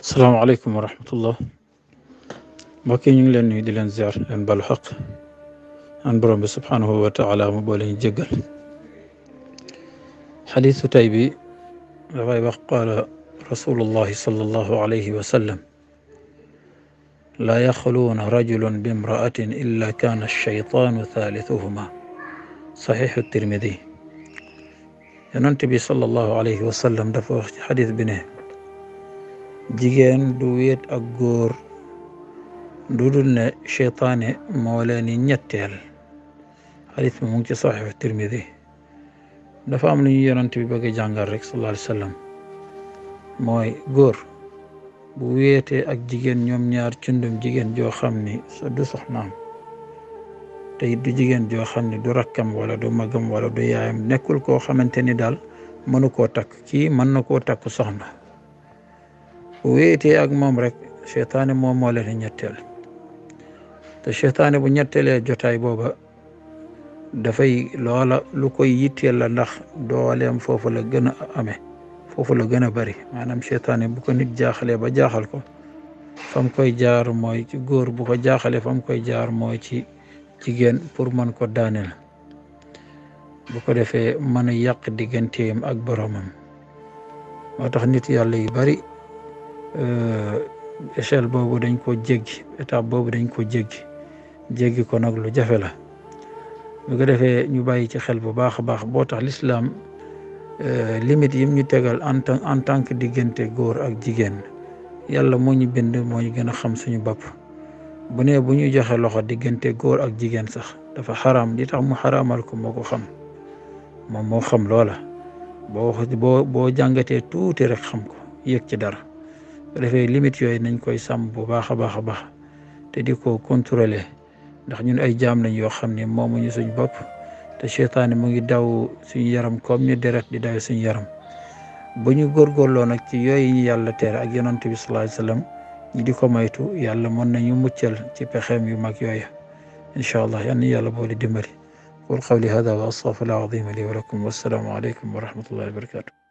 السلام عليكم ورحمة الله مكين كان يقول أن يدلن زعر أن بالحق أن برم سبحانه وتعالى مبالين جغل حديث تايبي رواي قال رسول الله صلى الله عليه وسلم لا يخلون رجل بامرأة إلا كان الشيطان ثالثهما صحيح الترمذي ينتبه صلى الله عليه وسلم دفع حديث بنه jigéen du wéet ak góor dudul ne cheytaane moo ni ñetteel xadis bi mu ngi ci dafa am lu ñu yonent bi bëgg jàngal rek sallallahu alayhi wa mooy góor bu wéetee ak jigéen ñoom ñaar cundum jigéen joo xam ni du soxnaam te du jigéen joo xam ni du rakkam wala du magam wala du yaayam nekkul koo xamante ni daal mënu koo takk kii mën na koo takk soxna wéetee ak moom rek seytaane moom moo leen ñetteel te seytaane bu ñetteelee jotaay booba dafay loola lu koy yitteel la ndax dooleem foofu la gën a ame foofu la gën a bari maanaam seytaane bu ko nit jaaxalee ba jaaxal ko fam koy jaar mooy ci góor bu ko jaaxalee fam koy jaar mooy ci jigéen pour mën ko daanel bu ko defee mën a yàq digganteem ak boromam moo tax nit yàlla yu bari Euh, échelle boobu dañ ko jéggi étape boobu dañ ko jéggi jéggi ko nag lu jafe la bu ko defee ñu bàyyi ci xel bu baax a baax boo tax lislaam euh, limite yim ñu tegal en tant en tant que diggante góor ak jigéen yàlla moo ñu bind moo ñu gën a xam suñu bopp bu ne bu ñu joxe loxo diggante góor ak jigéen sax dafa xaram li tax mu xaraamal ko moo ko xam moom moo xam loola boo boo boo jàngatee tuuti rek xam ko yëg ci dara refe ko defee yooyu nañ koy sàmm bu baax a baax a baax te di ko contrôler ndax ñun ay jaam lañ yoo xam ne moomuñu suñ bopp te seytaane mu ngi daw suñ yaram comme ni deret di daw suñ yaram bu ñu góorgóorloo nag ci yooyu ñu yàlla tere ak yonent bi sallallahu alayhi wasallam ñi di ko moytu yàlla mën nañu muccal ci pexeem yu mag yooyu incha allah yàlla na yàlla boole dimbali qul qawli hada wa astaghfirullah alazim li wa lakum wassalaamu aleykum wa rahmatullahi wa barakatuh